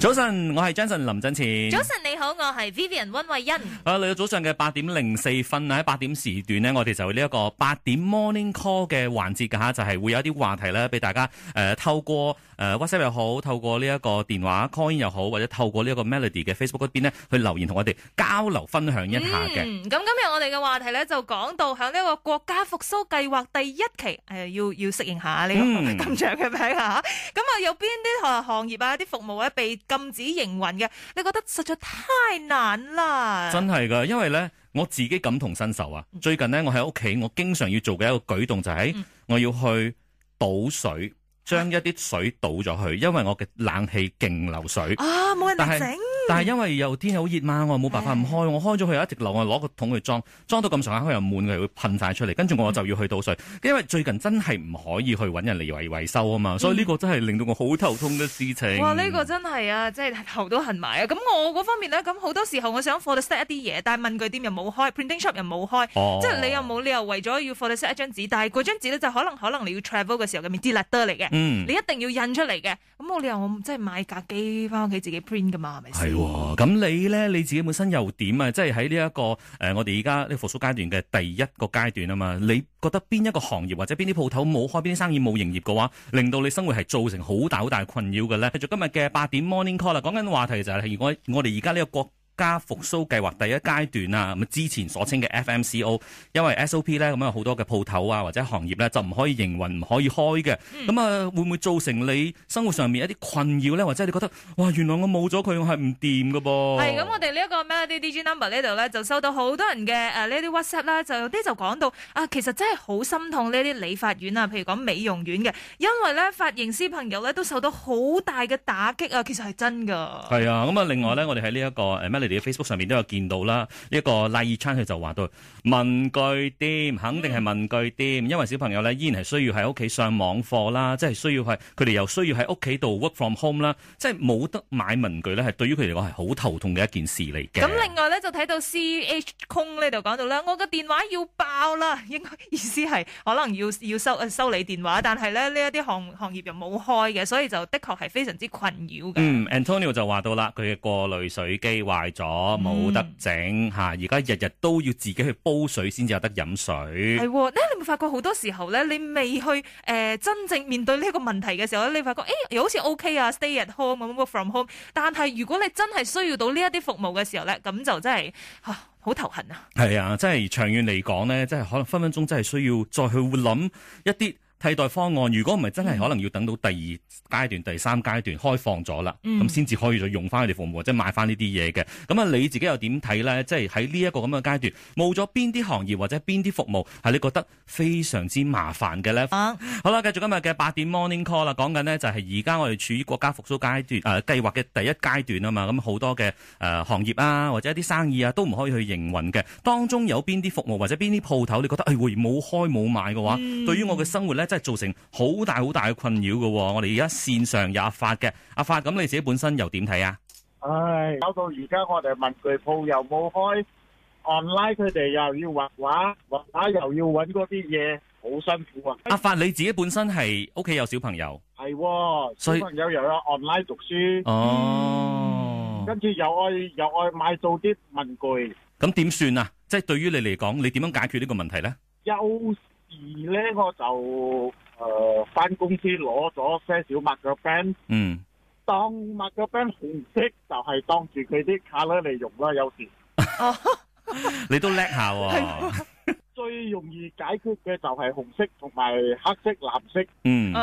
早晨，我係 Jason 林振前。早晨你好，我係 Vivian 溫慧欣。啊，嚟到早上嘅八點零四分啊！喺八點時段呢，我哋就呢一個八點 morning call 嘅環節，吓就係、是、會有一啲話題咧，俾大家誒、呃、透過誒 WhatsApp 又好，透過呢一個電話 call 又好，或者透過呢個 Melody 嘅 Facebook 嗰邊呢，去留言同我哋交流分享一下嘅。咁、嗯、今日我哋嘅話題咧，就講到響呢一個國家復蘇計劃第一期，誒、呃、要要適應下呢、這個咁長嘅名吓。咁啊，有邊啲行行業啊，啲服務咧、啊、被禁止營運嘅，你覺得實在太難啦！真係㗎，因為呢我自己感同身受啊！嗯、最近呢我喺屋企，我經常要做嘅一個舉動就係、是嗯、我要去倒水，將一啲水倒咗去。啊、因為我嘅冷氣勁流水啊！冇人理但係因為又天氣好熱嘛，我又冇辦法唔開。唉呀 我開咗佢一直流，我攞個桶去裝，裝到咁上下，佢又滿，佢又要噴晒出嚟。跟住我就要去倒水，因為最近真係唔可以去揾人嚟維維修啊嘛。嗯嗯，所以呢個真係令到我好頭痛嘅事情。哇！呢個真係啊，真係頭都痕埋啊。咁我嗰方面呢，咁好多時候我想 photostat 一啲嘢，但係文具店又冇開，printing shop 又冇開，即係、哦、你又冇理由為咗要 photostat 一張紙，但係嗰張紙咧就可能可能你要 travel 嘅時候入面啲 note 嚟嘅，嗯、你一定要印出嚟嘅。咁冇理由我即係買架機翻屋企自己 print 噶嘛，係咪？咁你咧你自己本身又點啊？即係喺呢一個誒、呃，我哋而家呢復甦階段嘅第一個階段啊嘛，你覺得邊一個行業或者邊啲鋪頭冇開，邊啲生意冇營業嘅話，令到你生活係造成好大好大困擾嘅咧？繼續今日嘅八點 morning call 啦，講緊話題就係如果我哋而家呢個國。加復蘇計劃第一階段啊，咁之前所稱嘅 FMCO，因為 SOP 咧，咁有好多嘅鋪頭啊或者行業咧就唔可以營運，唔可以開嘅，咁、嗯、啊會唔會造成你生活上面一啲困擾咧？或者你覺得哇，原來我冇咗佢係唔掂嘅噃？係咁，我哋呢一個 MELODY DJ Number 呢度咧就收到好多人嘅誒、呃、呢啲 WhatsApp 啦，就有啲就講到啊，其實真係好心痛呢啲理髮院啊，譬如講美容院嘅，因為咧髮型師朋友咧都受到好大嘅打擊啊，其實係真㗎。係啊，咁啊另外咧，我哋喺呢一個誒咩？你 Facebook 上面都有見到啦，呢、呢個賴爾昌佢就話到文具店肯定係文具店，因為小朋友咧依然係需要喺屋企上網課啦，即係需要係佢哋又需要喺屋企度 work from home 啦，即係冇得買文具咧，係對於佢嚟講係好頭痛嘅一件事嚟嘅。咁另外咧就睇到 CH 空呢度講到咧，我個電話要爆啦，應該意思係可能要要收收你電話，但係咧呢一啲行行業又冇開嘅，所以就的確係非常之困擾嘅。嗯，Antonio 就話到啦，佢嘅過濾水機壞咗冇得整吓，而家日日都要自己去煲水先至有得飲水。係，你會發覺好多時候咧，你未去誒、呃、真正面對呢個問題嘅時候咧，你發覺誒、欸、好似 OK 啊，stay at home 咁個 from home。但係如果你真係需要到呢一啲服務嘅時候咧，咁就真係吓好頭痕啊。係啊，真係長遠嚟講咧，真係可能分分鐘真係需要再去諗一啲。替代方案，如果唔係真係，可能要等到第二階段、嗯、第三階段開放咗啦，咁先至可以再用翻佢哋服務或者買翻呢啲嘢嘅。咁啊，你自己又點睇咧？即係喺呢一個咁嘅階段，冇咗邊啲行業或者邊啲服務，係你覺得非常之麻煩嘅咧？啊、好啦，繼續今日嘅八點 morning call 啦，講緊咧就係而家我哋處於國家復蘇階段，誒計劃嘅第一階段啊嘛，咁好多嘅誒、呃、行業啊或者一啲生意啊都唔可以去營運嘅。當中有邊啲服務或者邊啲鋪頭你覺得誒會冇開冇買嘅話，嗯、對於我嘅生活咧？即係造成好大好大嘅困擾嘅。哦，我哋而家線上有阿發嘅，阿發，咁你自己本身又點睇啊？唉、哎，搞到而家我哋文具鋪又冇開，online 佢哋又要畫畫，畫畫又要搵嗰啲嘢，好辛苦啊！阿發，你自己本身係屋企有小朋友，係、哦，所以小朋友又有 online 讀書，哦，嗯、跟住又愛又愛買做啲文具，咁點算啊？即、就、係、是、對於你嚟講，你點樣解決呢個問題咧？休。而咧，我就誒翻、呃、公司攞咗些少麥克 Ben，嗯，當麥克 Ben 紅色就係當住佢啲卡啦嚟用啦，有時。哦、 你都叻下喎、啊，是的 最容易解決嘅就係紅色同埋黑色、藍色。嗯，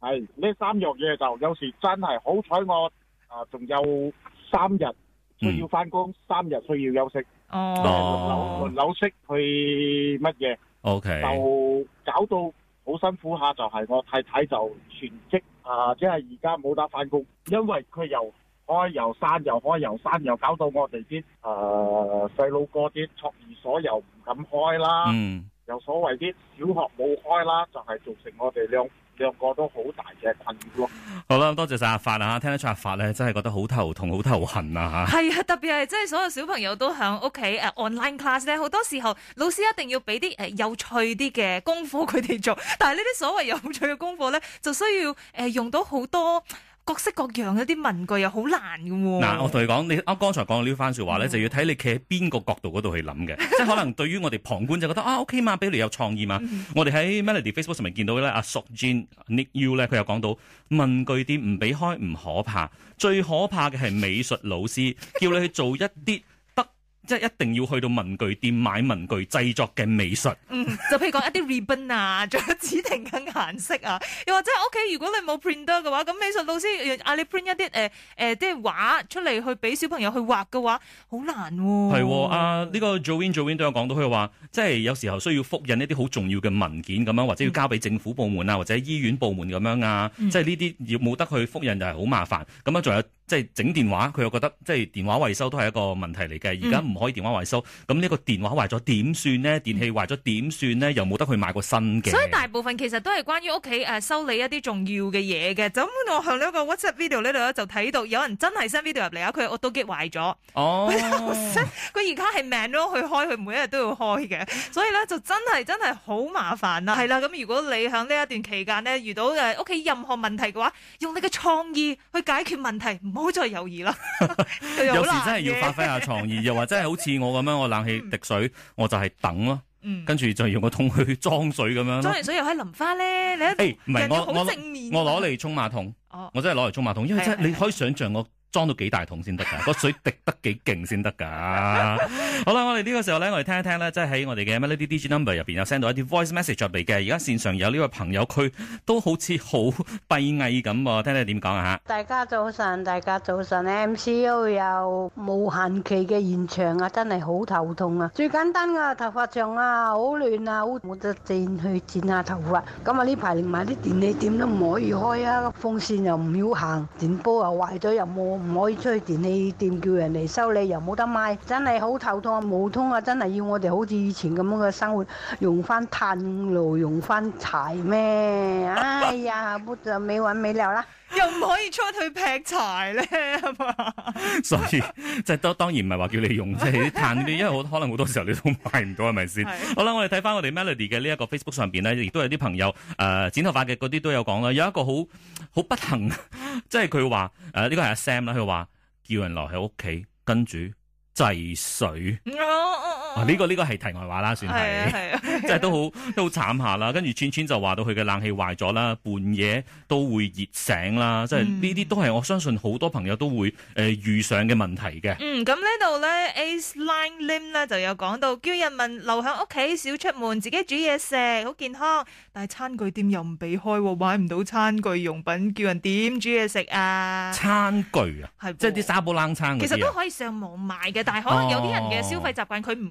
係呢三樣嘢，就有時真係好彩，我啊仲有三日需要翻工，嗯、三日需要休息。哦，輪流息去乜嘢？O.K. 就搞到好辛苦下，就係、是、我太太就全職啊、呃，即係而家冇得返工，因為佢又開又閂又開又閂，又搞到我哋啲啊細路哥啲託兒所又唔敢開啦，又、mm. 所謂啲小學冇開啦，就係、是、造成我哋兩。兩個都好大嘅困咯，好啦，多謝晒阿發啊！聽得出阿發咧，真係覺得好頭痛、好頭痕啊吓！係啊，特別係即係所有小朋友都喺屋企誒，online class 咧，好多時候老師一定要俾啲誒有趣啲嘅功課佢哋做，但係呢啲所謂有趣嘅功課咧，就需要誒、呃、用到好多。各式各樣嗰啲文具又好難㗎喎、哦。嗱，我同你講，你啱剛才講嘅呢番説話咧，哦、就要睇你企喺邊個角度嗰度去諗嘅， 即係可能對於我哋旁觀就覺得啊 OK 嘛，畀你有創意嘛。嗯、我哋喺 Melody Facebook 上面見到咧，阿、啊、Shawn、so、Nick You 咧，佢又講到文具店唔俾開唔可怕，最可怕嘅係美術老師 叫你去做一啲。即係一定要去到文具店買文具製作嘅美術，嗯，就譬如講一啲 ribbon 啊，仲 有指定嘅顏色啊。又或者屋企如果你冇 printer 嘅話，咁美術老師嗌你 print 一啲誒誒，即係畫出嚟去俾小朋友去畫嘅話，好難喎、啊。係、哦，呢、啊呢個 Joey Joey 都有講到，佢話即係有時候需要複印一啲好重要嘅文件咁樣，或者要交俾政府部門啊，或者醫院部門咁樣啊，嗯、即係呢啲要冇得去複印就係好麻煩。咁啊，仲有。即係整電話，佢又覺得即係電話維修都係一個問題嚟嘅。而家唔可以電話維修，咁呢、嗯、個電話壞咗點算呢？電器壞咗點算呢？又冇得去買個新嘅。所以大部分其實都係關於屋企誒修理一啲重要嘅嘢嘅。咁我喺呢個 WhatsApp video 呢度咧，就睇到有人真係 send video 入嚟啊！佢 auto gate 壞咗。哦。佢而家係 manual 都去開，佢每一日都要開嘅。所以咧就真係真係好麻煩啦。係啦，咁如果你喺呢一段期間咧遇到屋企、呃、任何問題嘅話，用你嘅創意去解決問題。好就係友誼啦， 有時真係要發揮下創意，而又或者係好似我咁樣，我冷氣滴水， 我就係等咯，嗯、跟住就用個桶去裝水咁樣。裝完水又可以淋花咧，你睇誒唔係我我我攞嚟沖馬桶，哦、我真係攞嚟沖馬桶，因爲真係你可以想象我。裝到幾大桶先得噶？個水滴得幾勁先得噶？ 好啦，我哋呢個時候咧，我哋聽一聽咧，即係喺我哋嘅 Melody Digi Number 入邊有 send 到一啲 voice message 入嚟嘅。而家線上有呢位朋友，佢都好似好閉翳咁喎。聽聽點講啊？大家早晨，大家早晨，MCO 又無限期嘅延長啊，真係好頭痛啊！最簡單啊，頭髮長啊，好亂啊，好，我就剪去剪下頭髮。咁啊，呢排連埋啲電器店都唔可以開啊，風扇又唔要行，電煲又壞咗又冇。唔可以出去電器店叫人嚟修理，又冇得買，真係好頭痛啊！冇通啊！真係要我哋好似以前咁樣嘅生活，用翻炭爐，用翻柴咩？哎呀，不就沒完沒了啦！又唔可以出去劈柴咧，係嘛？所以即係都當然唔係話叫你用即係炭嗰啲，因為可能好多時候你都買唔到，係咪先？是好啦，我哋睇翻我哋 Melody 嘅呢一個 Facebook 上邊咧，亦都有啲朋友誒、呃，剪頭髮嘅嗰啲都有講啦，有一個好好不幸，即係佢話誒呢個係阿 Sam 啦，佢話叫人留喺屋企跟住制水。 呢、哦這個呢、這個係題外話啦，算係，即係、啊啊啊啊、都好都好慘下啦。跟住串串就話到佢嘅冷氣壞咗啦，半夜都會熱醒啦。即係呢啲都係我相信好多朋友都會誒、呃、遇上嘅問題嘅。嗯，咁呢度咧，Ace、Line、Lim 咧就有講到叫人民留喺屋企少出門，自己煮嘢食好健康，但係餐具店又唔俾開，買唔到餐具用品，叫人點煮嘢食啊？餐具啊，係吧即係啲砂煲冷餐。其實都可以上網買嘅，但係可能有啲人嘅消費習慣佢唔。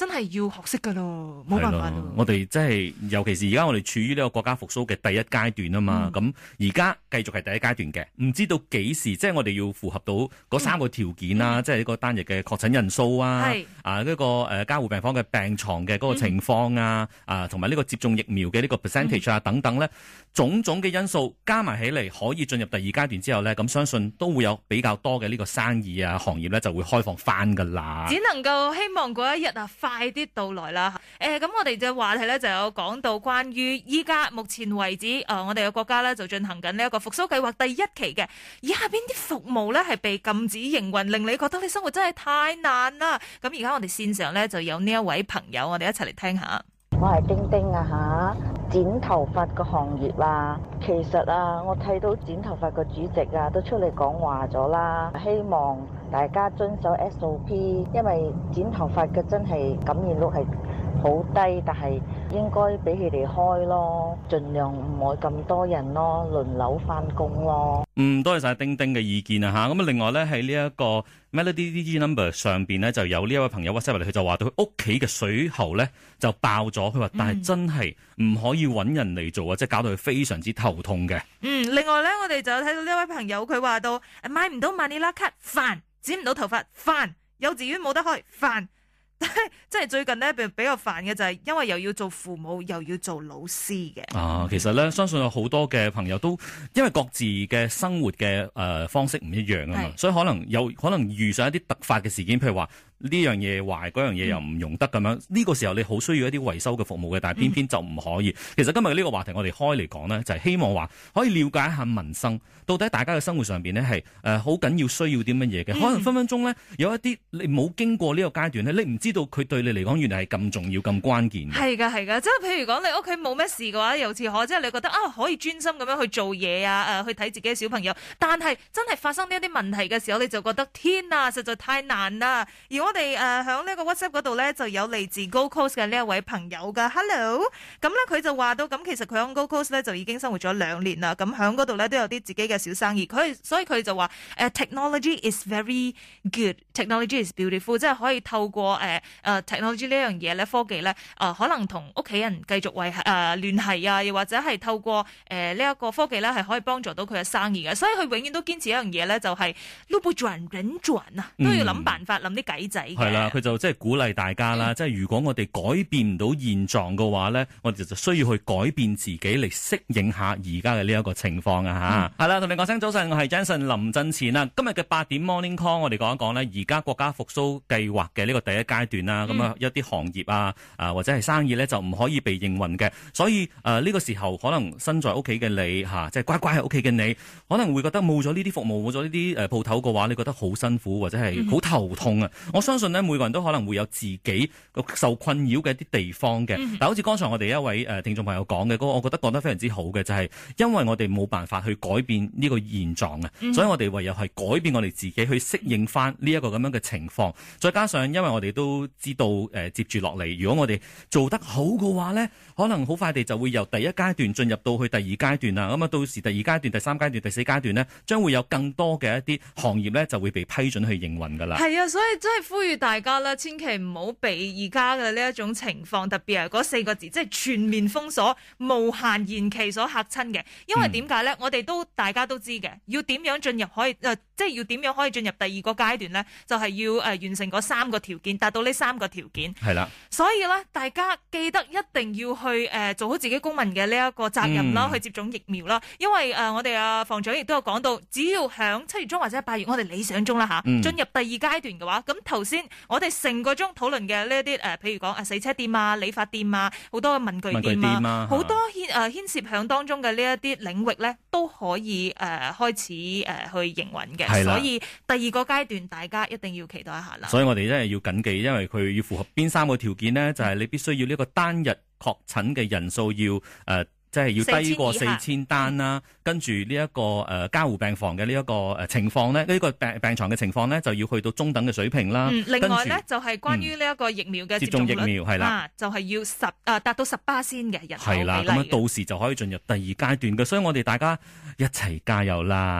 真係要學識噶咯，冇辦法。我哋即係，尤其是而家我哋處於呢個國家復蘇嘅第一階段啊嘛，咁而家繼續係第一階段嘅，唔知道幾時即係我哋要符合到嗰三個條件啊，嗯、即係呢個單日嘅確診人數啊，是啊呢、那個誒加護病房嘅病床嘅嗰個情況啊，嗯、啊同埋呢個接種疫苗嘅呢、呢個 percentage 啊等等咧，嗯、種種嘅因素加埋起嚟可以進入第二階段之後咧，咁相信都會有比較多嘅呢個生意啊行業咧就會開放翻噶啦。只能夠希望嗰一日啊快啲到來啦！誒、欸，咁我哋嘅話題咧就有講到關於依家目前為止，誒、呃，我哋嘅國家咧就進行緊呢一個復甦計劃第一期嘅，以下邊啲服務咧係被禁止營運，令你覺得你生活真係太難啦。咁而家我哋線上咧就有呢一位朋友，我哋一齊嚟聽下。我係丁丁啊，吓剪頭髮個行業啦、啊，其實啊，我睇到剪頭髮個主席啊都出嚟講話咗啦，希望。大家遵守 SOP，因為剪頭髮嘅真係感染率係好低，但係應該俾佢哋開咯，盡量唔好咁多人咯，輪流翻工咯。嗯，多謝晒丁丁嘅意見啊吓，咁啊，嗯，另外咧喺呢一個 Melody DD number 上面咧就有呢一位朋友 WhatsApp 嚟，佢就話到佢屋企嘅水喉咧就爆咗，佢話但係真係唔可以揾人嚟做啊，即係搞到佢非常之頭痛嘅。嗯，另外咧我哋就睇到呢一位朋友佢話到買唔到馬尼拉卡飯但剪唔到頭髮，煩；幼稚園冇得開，煩。即 係最近咧，比較煩嘅就係，因為又要做父母，又要做老師嘅。啊，其實咧，相信有好多嘅朋友都因為各自嘅生活嘅誒、呃、方式唔一樣啊嘛，是所以可能有可能遇上一啲突發嘅事件，譬如話。呢樣嘢壞，嗰樣嘢又唔用得咁樣。呢、嗯、個時候你好需要一啲維修嘅服務嘅，但係偏偏就唔可以。嗯、其實今日呢個話題我哋開嚟講呢，就係、是、希望話可以了解一下民生，到底大家嘅生活上面呢係好緊要需要啲乜嘢嘅？嗯、可能分分鐘呢，有一啲你冇經過呢個階段呢你唔知道佢對你嚟講原來係咁重要、咁、嗯、關鍵。係㗎，係㗎，即係譬如講你屋企冇咩事嘅話，尤其可即係你覺得啊可以專心咁樣去做嘢啊去睇自己嘅小朋友。但係真係發生一啲問題嘅時候，你就覺得天啊，實在太難啦！我哋誒，響呢個 WhatsApp 度咧，就有嚟自 GoCoast 嘅呢一位朋友噶，Hello，咁咧佢就話到，咁其實佢響 GoCoast 咧就已經生活咗兩年啦，咁響度咧都有啲自己嘅小生意，佢所以佢就話，誒 Te，technology is very good，technology is beautiful，即係可以透過誒誒、uh, technology 呢樣嘢咧，科技咧，誒、呃、可能同屋企人繼續維誒、呃、聯繫啊，又或者係透過誒呢一個科技咧係可以幫助到佢嘅生意嘅，所以佢永遠都堅持一樣嘢咧，就係 look around，look around 啊，都要諗辦法諗啲計仔。嗯係啦，佢就即係鼓勵大家啦，即係如果我哋改變唔到現狀嘅話咧，我哋就需要去改變自己嚟適應下而家嘅呢一個情況啊吓。係啦、嗯，同你講聲早晨，我係 Jason 林振前啦。今日嘅八點 Morning Call，我哋講一講咧，而家國家復蘇計劃嘅呢個第一階段啦，咁啊、嗯、一啲行業啊，啊或者係生意咧就唔可以被營運嘅，所以誒呢、呃呢個時候可能身在屋企嘅你吓，即、啊、係、即係、乖乖喺屋企嘅你，可能會覺得冇咗呢啲服務，冇咗呢啲誒鋪頭嘅話，你覺得好辛苦或者係好頭痛啊。嗯、哼我相信呢，每個人都可能會有自己個受困擾嘅一啲地方嘅。但好似剛才我哋一位誒聽眾朋友講嘅嗰個，我覺得講得非常之好嘅，就係、是、因為我哋冇辦法去改變呢個現狀嘅，所以我哋唯有係改變我哋自己去適應翻呢一個咁樣嘅情況。再加上因為我哋都知道誒、呃、接住落嚟，如果我哋做得好嘅話呢，可能好快地就會由第一階段進入到去第二階段啦。咁啊，到時第二階段、第三階段、第四階段呢，將會有更多嘅一啲行業呢，就會被批准去營運㗎啦。係啊，所以真係。呼籲大家咧，千祈唔好被而家嘅呢一種情況，特別係嗰四個字，即係全面封鎖、無限延期所吓親嘅。因為點解咧？嗯、我哋都大家都知嘅，要點樣進入可以誒，即係要點樣可以進入第二個階段咧？就係要誒完成嗰三個條件，達到呢三個條件。係啦，所以咧，大家記得一定要去誒做好自己公民嘅呢一個責任啦，嗯、去接種疫苗啦。因為誒，我哋阿房長亦都有講到，只要響七月中或者八月，我哋理想中啦吓，進入第二階段嘅話，咁頭。頭先，我哋成個鐘討論嘅呢一啲，誒、呃，譬如講啊，洗車店啊、理髮店啊，好多文具店啊，好、啊、多牽誒牽涉響當中嘅呢一啲領域咧，都可以誒、呃、開始誒、呃呃、去營運嘅。係啦，所以第二個階段，大家一定要期待一下啦。所以我哋真係要謹記，因為佢要符合邊三個條件呢，就係、是、你必須要呢個單日確診嘅人數要誒。呃即係要低過、嗯、四千單啦，跟住呢一個誒加護病房嘅呢一個誒情況咧，呢、呢個病病床嘅情況咧就要去到中等嘅水平啦。嗯，另外咧著就係關於呢一個疫苗嘅接、嗯、接種疫苗係啦、啊，就係、是、要十誒、啊、達到十巴仙嘅人口比例啦，咁到時就可以進入第二階段嘅，所以我哋大家一齊加油啦！